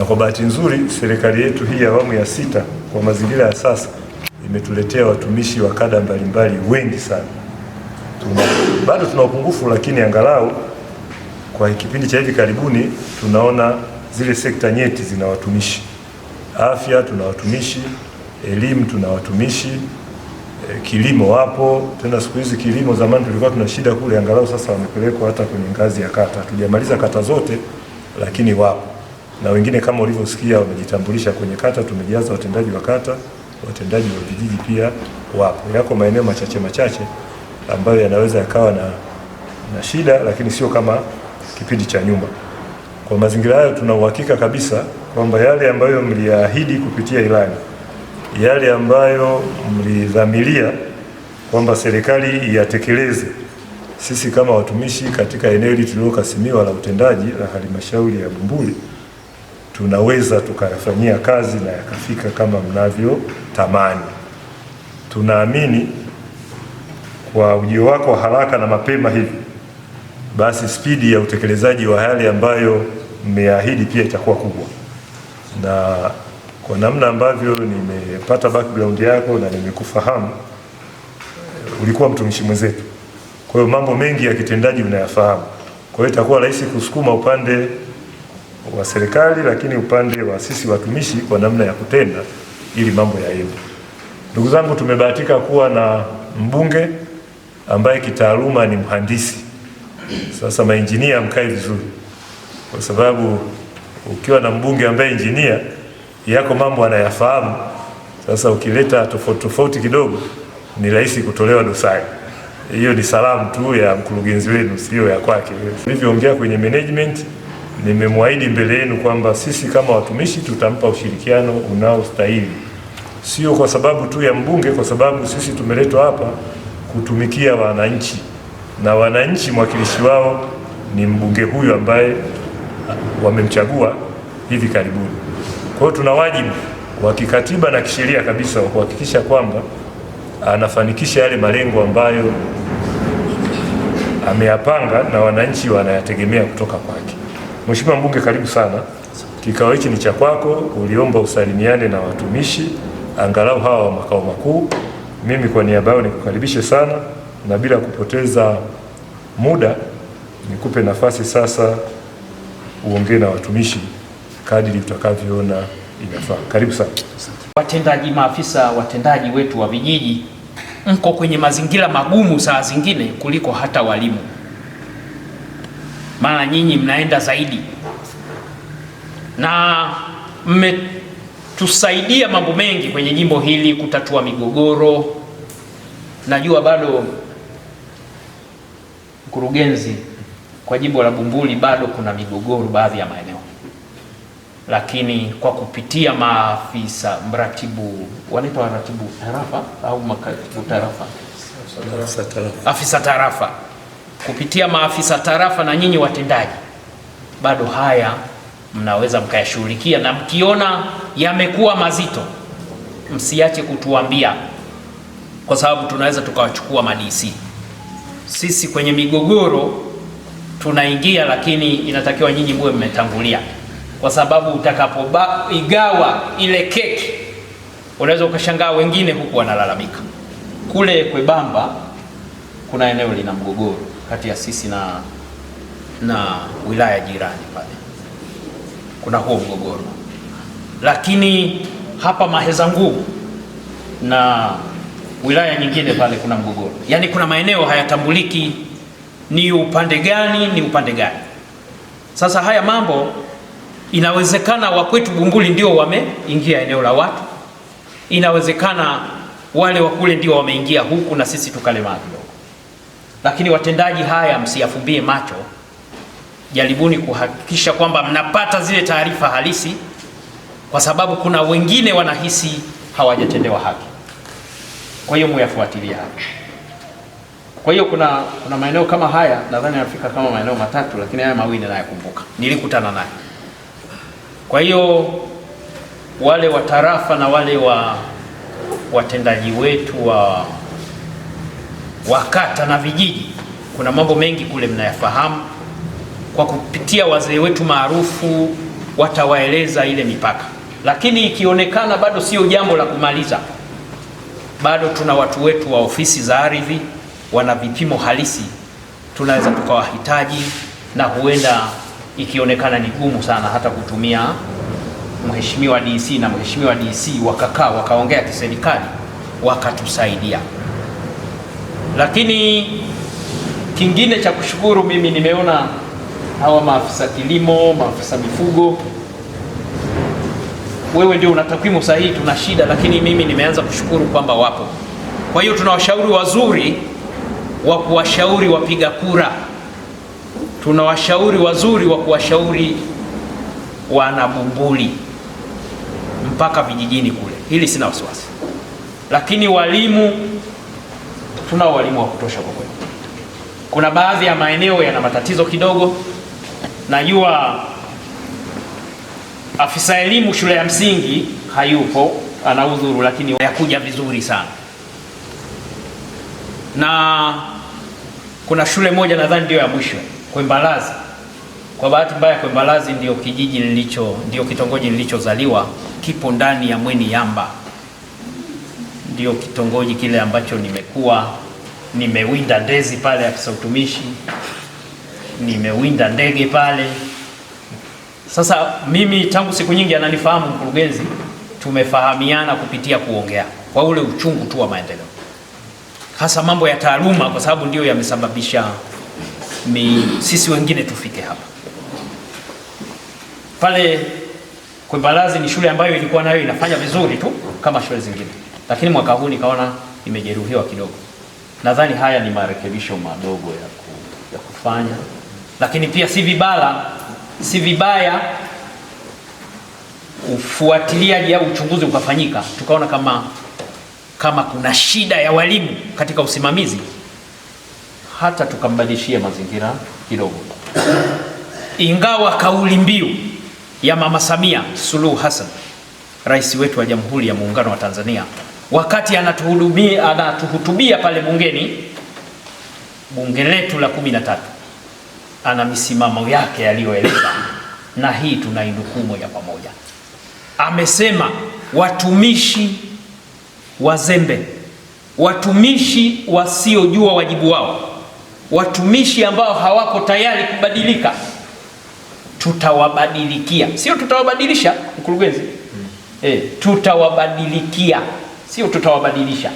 Na kwa bahati nzuri serikali yetu hii ya awamu ya sita kwa mazingira ya sasa imetuletea watumishi wa kada mbalimbali wengi sana. Tuna, bado tuna upungufu lakini angalau kwa kipindi cha hivi karibuni tunaona zile sekta nyeti zina watumishi. Afya tuna watumishi, elimu tuna watumishi, e, kilimo wapo. Tena siku hizi kilimo, zamani tulikuwa tuna shida kule, angalau sasa wamepelekwa hata kwenye ngazi ya kata. Hatujamaliza kata zote, lakini wapo na wengine kama ulivyosikia wamejitambulisha kwenye kata, tumejaza watendaji wa kata, watendaji wa vijiji pia wapo. Yako maeneo machache machache ambayo yanaweza yakawa na, na shida, lakini sio kama kipindi cha nyuma. Kwa mazingira hayo, tuna uhakika kabisa kwamba yale ambayo mliyaahidi kupitia ilani, yale ambayo mlidhamiria kwamba serikali iyatekeleze, sisi kama watumishi katika eneo hili tulilokasimiwa la utendaji la halmashauri ya Bumbuli tunaweza tukayafanyia kazi na yakafika kama mnavyotamani. Tunaamini kwa ujio wako haraka na mapema hivi, basi spidi ya utekelezaji wa yale ambayo mmeahidi pia itakuwa kubwa, na kwa namna ambavyo nimepata background yako na nimekufahamu, ulikuwa mtumishi mwenzetu, kwa hiyo mambo mengi ya kitendaji unayafahamu, kwa hiyo itakuwa rahisi kusukuma upande wa serikali, lakini upande wa sisi watumishi kwa namna ya kutenda ili mambo yaende. Ndugu zangu, tumebahatika kuwa na mbunge ambaye kitaaluma ni mhandisi. Sasa mainjinia, mkae vizuri, kwa sababu ukiwa na mbunge ambaye injinia yako mambo anayafahamu. Sasa ukileta tofauti tofauti kidogo, ni rahisi kutolewa dosari. Hiyo ni salamu tu ya mkurugenzi wenu, sio ya kwake. Nilivyoongea kwenye management Nimemwahidi mbele yenu kwamba sisi kama watumishi tutampa ushirikiano unaostahili, sio kwa sababu tu ya mbunge, kwa sababu sisi tumeletwa hapa kutumikia wananchi, na wananchi mwakilishi wao ni mbunge huyu ambaye wamemchagua hivi karibuni. Kwa hiyo tuna wajibu wa kikatiba na kisheria kabisa wa kuhakikisha kwamba anafanikisha yale malengo ambayo ameyapanga na wananchi wanayategemea kutoka kwake. Mheshimiwa Mbunge, karibu sana. Kikao hiki ni cha kwako, uliomba usalimiane na watumishi angalau hawa wa makao makuu. Mimi kwa niaba yao nikukaribishe sana, na bila kupoteza muda nikupe nafasi sasa uongee na watumishi kadiri utakavyoona inafaa. Karibu sana. Watendaji, maafisa watendaji wetu wa vijiji, mko kwenye mazingira magumu saa zingine kuliko hata walimu maana nyinyi mnaenda zaidi na mmetusaidia mambo mengi kwenye jimbo hili kutatua migogoro. Najua bado mkurugenzi, kwa jimbo la Bumbuli bado kuna migogoro baadhi ya maeneo, lakini kwa kupitia maafisa mratibu, wanaitwa waratibu tarafa au makatibu tarafa, afisa tarafa kupitia maafisa tarafa na nyinyi watendaji, bado haya mnaweza mkayashughulikia, na mkiona yamekuwa mazito, msiache kutuambia, kwa sababu tunaweza tukawachukua madisi. Sisi kwenye migogoro tunaingia, lakini inatakiwa nyinyi muwe mmetangulia, kwa sababu utakapoigawa ile keki unaweza ukashangaa wengine huku wanalalamika. Kule Kwebamba kuna eneo lina mgogoro kati ya sisi na na wilaya jirani pale kuna huo mgogoro, lakini hapa Maheza Nguu na wilaya nyingine pale kuna mgogoro. Yaani kuna maeneo hayatambuliki ni upande gani ni upande gani. Sasa haya mambo inawezekana wakwetu Bunguli ndio wameingia eneo la watu, inawezekana wale wa kule ndio wameingia huku na sisi tukalemazwa. Lakini watendaji, haya msiyafumbie macho, jaribuni kuhakikisha kwamba mnapata zile taarifa halisi, kwa sababu kuna wengine wanahisi hawajatendewa haki. Kwa hiyo muyafuatilie hapo. Kwa hiyo kuna, kuna maeneo kama haya nadhani yanafika kama maeneo matatu, lakini haya mawili nayakumbuka, nilikutana naye. Kwa hiyo wale wa tarafa na wale wa watendaji wetu wa wa kata na vijiji, kuna mambo mengi kule mnayafahamu. Kwa kupitia wazee wetu maarufu watawaeleza ile mipaka, lakini ikionekana bado sio jambo la kumaliza, bado tuna watu wetu wa ofisi za ardhi, wana vipimo halisi, tunaweza tukawahitaji, na huenda ikionekana ni gumu sana hata kutumia mheshimiwa DC na mheshimiwa DC wakakaa wakaongea kiserikali wakatusaidia. Lakini kingine cha kushukuru, mimi nimeona hawa maafisa kilimo, maafisa mifugo, wewe ndio una takwimu sahihi, tuna shida, lakini mimi nimeanza kushukuru kwamba wapo. Kwa hiyo tuna washauri wazuri wa kuwashauri wapiga kura, tuna washauri wazuri wa kuwashauri wanabumbuli mpaka vijijini kule, hili sina wasiwasi. Lakini walimu tunao walimu wa kutosha kwa kweli. Kuna baadhi ya maeneo yana matatizo kidogo. Najua afisa elimu shule ya msingi hayupo, ana udhuru, lakini hayakuja vizuri sana, na kuna shule moja nadhani ndio ya mwisho Kwembalazi. Kwa bahati mbaya Kwembalazi ndio kijiji nilicho, ndio kitongoji nilichozaliwa, kipo ndani ya Mweni Yamba ndio kitongoji kile ambacho nimekuwa nimewinda ndezi pale afisa utumishi, nimewinda ndege pale. Sasa mimi tangu siku nyingi ananifahamu mkurugenzi, tumefahamiana kupitia kuongea kwa ule uchungu tu wa maendeleo, hasa mambo ya taaluma, kwa sababu ndio yamesababisha mi sisi wengine tufike hapa. Pale Kwembalazi ni shule ambayo ilikuwa nayo inafanya vizuri tu kama shule zingine lakini mwaka huu nikaona nimejeruhiwa kidogo. Nadhani haya ni marekebisho madogo ya, ku, ya kufanya, lakini pia si vibala si vibaya ufuatiliaji au uchunguzi ukafanyika, tukaona kama kama kuna shida ya walimu katika usimamizi, hata tukambadilishia mazingira kidogo, ingawa kauli mbiu ya Mama Samia Suluhu Hassan, rais wetu wa Jamhuri ya Muungano wa Tanzania wakati anatuhutubia, anatuhutubia pale bungeni, bunge letu la kumi na tatu, ana misimamo yake aliyoeleza na hii tuna ya pamoja. Amesema watumishi wazembe, watumishi wasiojua wajibu wao, watumishi ambao hawako tayari kubadilika, tutawabadilikia. Sio tutawabadilisha, mkurugenzi hmm. E, tutawabadilikia sio tutawabadilisha.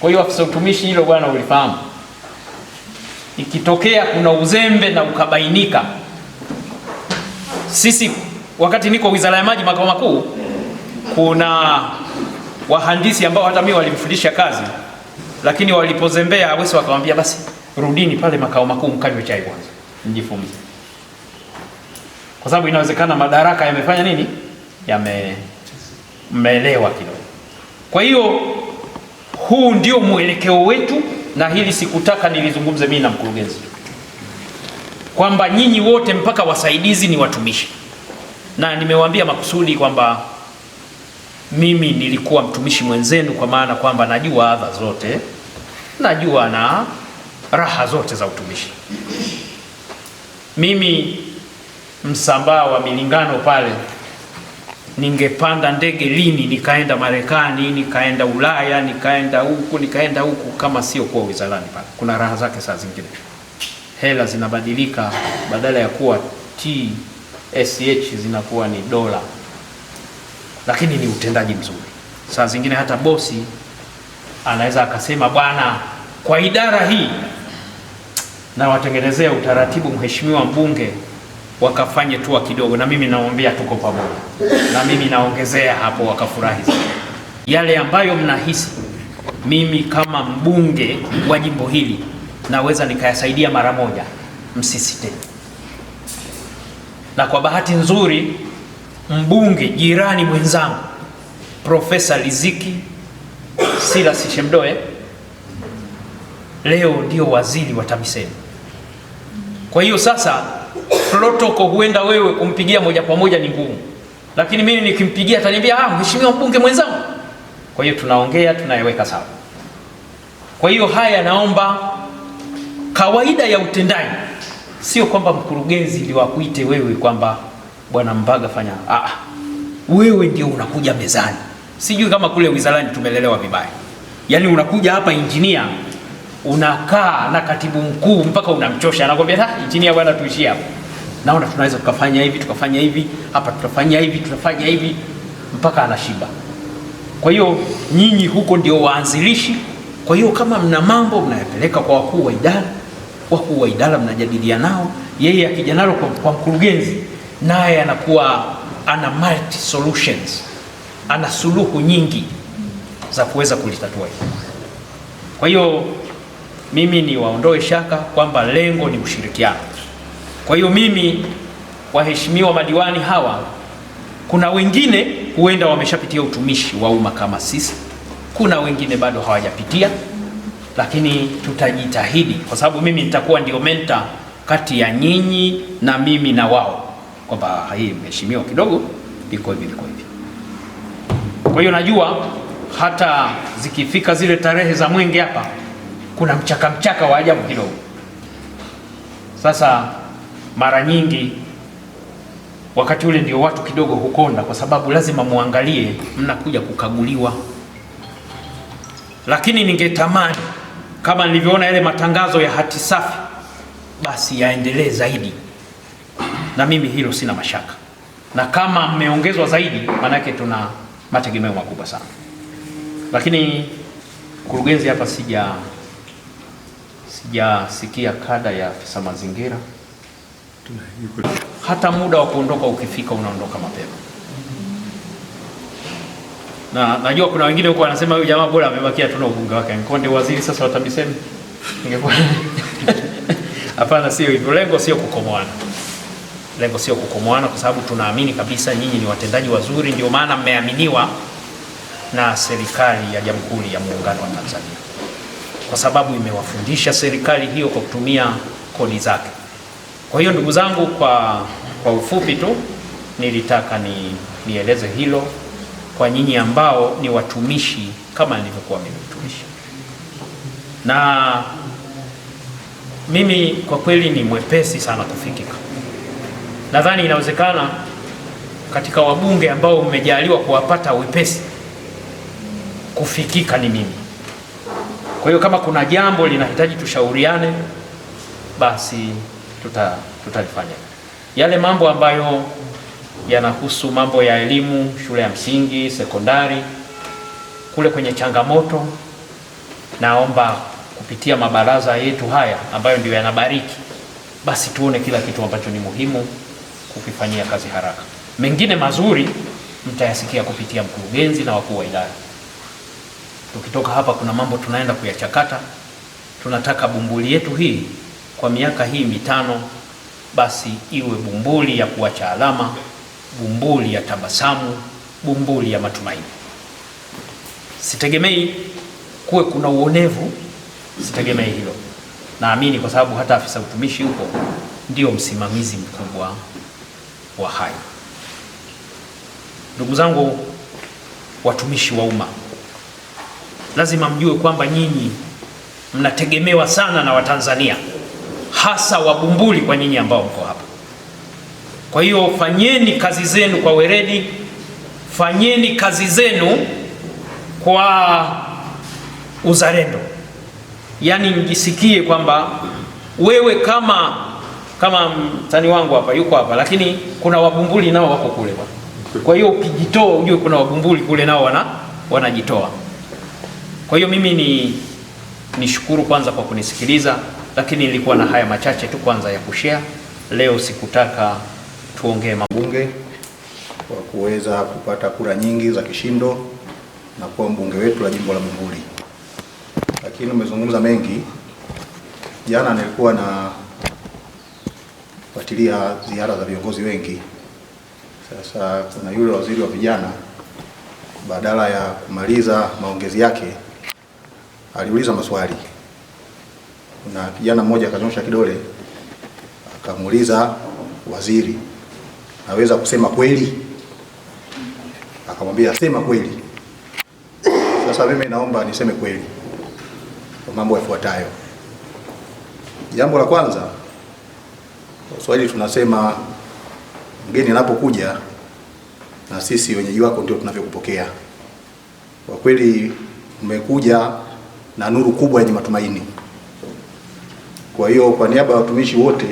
Kwa hiyo afisa utumishi, hilo bwana ulifahamu. Ikitokea kuna uzembe na ukabainika, sisi wakati niko wizara ya maji makao makuu, kuna wahandisi ambao hata mimi walimfundisha kazi, lakini walipozembea wesi wakamwambia basi rudini pale makao makuu mkanywe chai kwanza mjifunze, kwa sababu inawezekana madaraka yamefanya nini, yamemelewa kidogo. Kwa hiyo huu ndio mwelekeo wetu, na hili sikutaka nilizungumze mimi na mkurugenzi, kwamba nyinyi wote mpaka wasaidizi ni watumishi, na nimewaambia makusudi kwamba mimi nilikuwa mtumishi mwenzenu, kwa maana kwamba najua adha zote, najua na raha zote za utumishi. Mimi msambaa wa milingano pale ningepanda ndege lini nikaenda Marekani, nikaenda Ulaya, nikaenda huku, nikaenda huku, kama sio kuwa wizarani pale. Kuna raha zake saa zingine, hela zinabadilika, badala ya kuwa TSH zinakuwa ni dola, lakini ni utendaji mzuri. Saa zingine hata bosi anaweza akasema, bwana, kwa idara hii nawatengenezea utaratibu, mheshimiwa mbunge wakafanye tua kidogo, na mimi naombea tuko pamoja, na mimi naongezea hapo, wakafurahi yale ambayo mnahisi. Mimi kama mbunge wa jimbo hili naweza nikayasaidia mara moja, msisite. Na kwa bahati nzuri mbunge jirani mwenzangu Profesa Riziki Silas Shemdoe leo ndio waziri wa TAMISEMI. Kwa hiyo sasa protocol, huenda wewe kumpigia moja kwa moja ni ngumu, lakini mimi nikimpigia ataniambia ah, mheshimiwa mbunge mwenzangu. Kwa hiyo tunaongea tunayeweka sawa. Kwa hiyo haya, naomba kawaida ya utendaji, sio kwamba mkurugenzi ndio akuite wewe kwamba bwana Mbaga fanya ah, ah. wewe ndio unakuja mezani. Sijui kama kule wizarani tumelelewa vibaya, yaani unakuja hapa injinia unakaa na katibu mkuu mpaka unamchosha, anakwambia injinia bwana, tuishie hapo naona tunaweza tukafanya hivi tukafanya hivi hapa tutafanya hivi tutafanya hivi mpaka anashiba. Kwa hiyo nyinyi huko ndio waanzilishi. Kwa hiyo kama mna mambo mnayapeleka kwa wakuu wa idara, wakuu wa idara mnajadilia nao, yeye akija nalo kwa, kwa mkurugenzi, naye anakuwa ana multi solutions, ana suluhu nyingi za kuweza kulitatua hili. Kwa hiyo mimi niwaondoe shaka kwamba lengo ni ushirikiano. Kwa hiyo mimi, waheshimiwa madiwani hawa, kuna wengine huenda wameshapitia utumishi wa umma kama sisi, kuna wengine bado hawajapitia, lakini tutajitahidi, kwa sababu mimi nitakuwa ndio mentor kati ya nyinyi na mimi na wao, kwamba hii mheshimiwa, kidogo iko hivi liko hivi. Kwa hiyo najua hata zikifika zile tarehe za mwenge hapa kuna mchaka mchaka wa ajabu kidogo. Sasa mara nyingi wakati ule ndio watu kidogo hukonda, kwa sababu lazima muangalie mnakuja kukaguliwa. Lakini ningetamani kama nilivyoona yale matangazo ya hati safi, basi yaendelee zaidi, na mimi hilo sina mashaka, na kama mmeongezwa zaidi, maanake tuna mategemeo makubwa sana. Lakini mkurugenzi, hapa sija sijasikia kada ya afisa mazingira hata muda wa kuondoka ukifika unaondoka mapema. Na najua kuna wengine huko wanasema huyu jamaa bora amebakia tu na ubunge wake, Mkonde waziri sasa wa TAMISEMI. Hapana, sio hivyo. Lengo sio kukomoana, lengo sio kukomoana, kwa sababu tunaamini kabisa nyinyi ni watendaji wazuri, ndio maana mmeaminiwa na serikali ya Jamhuri ya Muungano wa Tanzania, kwa sababu imewafundisha serikali hiyo kwa kutumia kodi zake. Kwa hiyo ndugu zangu, kwa, kwa ufupi tu nilitaka ni, nieleze hilo kwa nyinyi ambao ni watumishi kama nilivyokuwa mimi mtumishi, na mimi kwa kweli ni mwepesi sana kufikika. Nadhani inawezekana katika wabunge ambao mmejaliwa kuwapata wepesi kufikika ni mimi. Kwa hiyo kama kuna jambo linahitaji tushauriane, basi tuta tutalifanya yale mambo ambayo yanahusu mambo ya elimu shule ya msingi, sekondari. Kule kwenye changamoto, naomba kupitia mabaraza yetu haya ambayo ndio yanabariki, basi tuone kila kitu ambacho ni muhimu kukifanyia kazi haraka. Mengine mazuri mtayasikia kupitia mkurugenzi na wakuu wa idara. Tukitoka hapa, kuna mambo tunaenda kuyachakata. Tunataka Bumbuli yetu hii kwa miaka hii mitano, basi iwe bumbuli ya kuacha alama, bumbuli ya tabasamu, bumbuli ya matumaini. Sitegemei kuwe kuna uonevu, sitegemei hilo. Naamini kwa sababu hata afisa utumishi huko ndio msimamizi mkubwa wa hayo. Ndugu zangu watumishi wa umma, lazima mjue kwamba nyinyi mnategemewa sana na Watanzania hasa wa Bumbuli kwa nyinyi ambao mko hapa. Kwa hiyo fanyeni kazi zenu kwa weledi, fanyeni kazi zenu kwa uzalendo, yaani mjisikie kwamba wewe kama kama mtani wangu hapa yuko hapa, lakini kuna wabumbuli nao wako kule. Kwa hiyo ukijitoa, ujue kuna wabumbuli kule nao wana wanajitoa. Kwa hiyo mimi ni nishukuru kwanza kwa kunisikiliza lakini nilikuwa na haya machache tu kwanza ya kushare leo. Sikutaka tuongee mabunge kwa kuweza kupata kura nyingi za kishindo na kuwa mbunge wetu la jimbo la Bumbuli, lakini umezungumza mengi. Jana nilikuwa na fuatilia ziara za viongozi wengi. Sasa kuna yule waziri wa vijana, badala ya kumaliza maongezi yake aliuliza maswali na kijana mmoja akanyosha kidole akamuuliza waziri, naweza kusema kweli? Akamwambia sema kweli. Sasa mimi naomba niseme kweli kwa mambo yafuatayo. Jambo la kwanza, Waswahili tunasema mgeni anapokuja na sisi wenyeji wako ndio tunavyokupokea. Kwa kweli umekuja na nuru kubwa yenye matumaini. Kwa hiyo kwa niaba ya watumishi wote,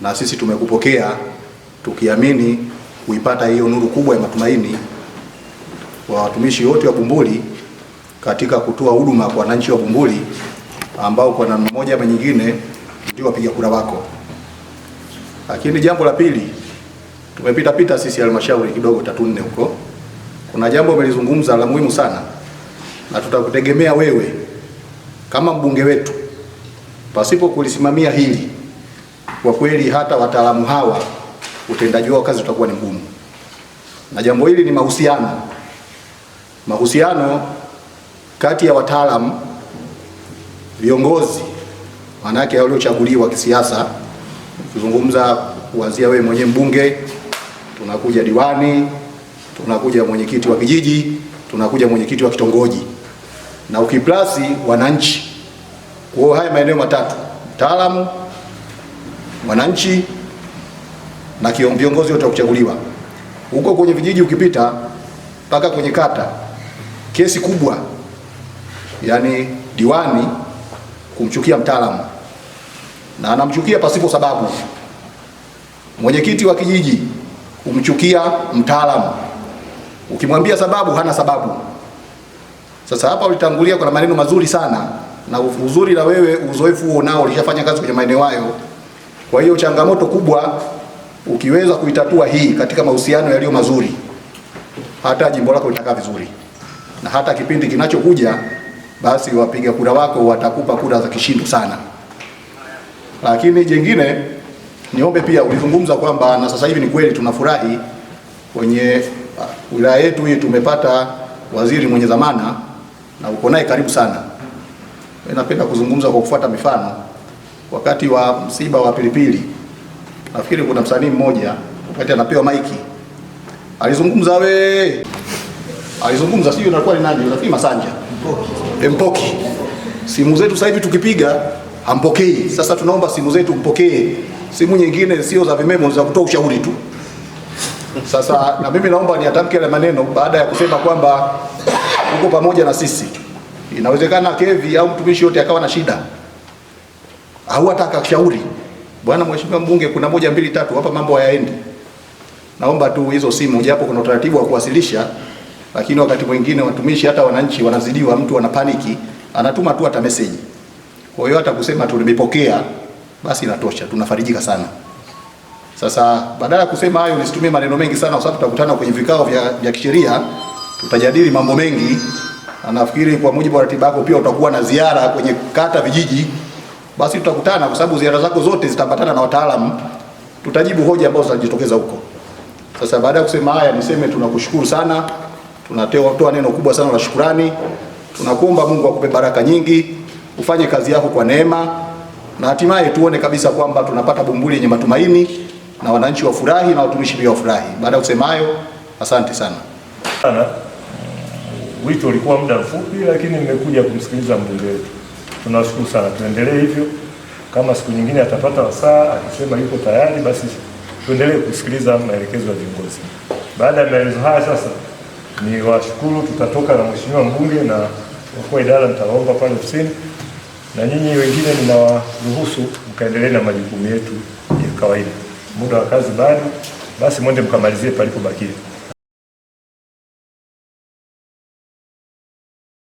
na sisi tumekupokea tukiamini kuipata hiyo nuru kubwa ya matumaini kwa watumishi wote wa Bumbuli katika kutoa huduma kwa wananchi wa Bumbuli ambao kwa namna moja ama nyingine ndio wapiga kura wako. Lakini jambo la pili, tumepita pita sisi halmashauri kidogo tatu nne huko, kuna jambo umelizungumza la muhimu sana, na tutakutegemea wewe kama mbunge wetu Pasipo kulisimamia hili, kwa kweli hata wataalamu hawa utendaji wao kazi utakuwa ni mgumu, na jambo hili ni mahusiano, mahusiano kati ya wataalamu, viongozi, maanake waliochaguliwa kisiasa, kuzungumza kuanzia wewe mwenyewe mbunge, tunakuja diwani, tunakuja mwenyekiti wa kijiji, tunakuja mwenyekiti wa kitongoji, na ukiplasi wananchi kwa haya maeneo matatu, mtaalamu, mwananchi na viongozi wote kuchaguliwa. Huko kwenye vijiji ukipita mpaka kwenye kata, kesi kubwa yani diwani kumchukia mtaalamu na anamchukia pasipo sababu, mwenyekiti wa kijiji kumchukia mtaalamu, ukimwambia sababu hana sababu. Sasa hapa ulitangulia, kuna maneno mazuri sana na uzuri na wewe uzoefu huo nao ulishafanya kazi kwenye maeneo hayo. Kwa hiyo changamoto kubwa ukiweza kuitatua hii katika mahusiano yaliyo mazuri, hata jimbo lako litakaa vizuri, na hata kipindi kinachokuja basi wapiga kura wako watakupa kura za kishindo sana. Lakini jengine niombe pia, ulizungumza kwamba na sasa hivi ni kweli tunafurahi kwenye ah, wilaya yetu hii tumepata waziri mwenye dhamana na uko naye karibu sana Eh, napenda kuzungumza kwa kufuata mifano. Wakati wa msiba wa Pilipili, nafikiri kuna msanii mmoja wakati anapewa maiki alizungumza, we alizungumza, sijui inakuwa ni nani, nafikiri Masanja Mpoki, eh, Mpoki. Simu zetu sasa hivi tukipiga hampokei. Sasa tunaomba simu zetu mpokee, simu nyingine sio za vimemo, za kutoa ushauri tu. Sasa na mimi naomba niatamke yale maneno baada ya kusema kwamba uko pamoja na sisi. Inawezekana Kevi au mtumishi yote akawa na shida au hata akashauri, bwana mheshimiwa mbunge, kuna moja mbili tatu hapa, mambo hayaendi, naomba tu hizo simu, japo kuna utaratibu wa kuwasilisha, lakini wakati mwingine watumishi hata wananchi wanazidiwa, mtu anapaniki, anatuma tu hata message. Kwa hiyo hata kusema tulimepokea basi inatosha, tunafarijika sana. Sasa badala ya kusema hayo, nisitumie maneno mengi sana, kwa sababu tutakutana kwenye vikao vya, vya kisheria, tutajadili mambo mengi na nafikiri kwa mujibu wa ratiba yako pia utakuwa na ziara kwenye kata, vijiji, basi tutakutana, kwa sababu ziara zako zote zitapatana na wataalamu, tutajibu hoja ambazo zitajitokeza huko. Sasa baada ya kusema haya, niseme tunakushukuru sana, tunatoa neno kubwa sana la shukurani. Tunakuomba Mungu akupe baraka nyingi, ufanye kazi yako kwa neema, na hatimaye tuone kabisa kwamba tunapata Bumbuli yenye matumaini na wananchi wafurahi na watumishi pia wafurahi. Baada ya kusema hayo, asante sana wito ulikuwa muda mfupi, lakini mmekuja kumsikiliza mbunge wetu. Tunawashukuru sana, tuendelee hivyo. Kama siku nyingine atapata wasaa akisema yuko tayari, basi tuendelee kusikiliza maelekezo ya viongozi. Baada ya maelezo haya, sasa ni washukuru, tutatoka na mheshimiwa mbunge na wakuu wa idara, nitawaomba pale ofisini, na nyinyi wengine ninawaruhusu mkaendelee na majukumu yetu ya kawaida. Muda wa kazi bado, basi mwende mkamalizie palipobakia.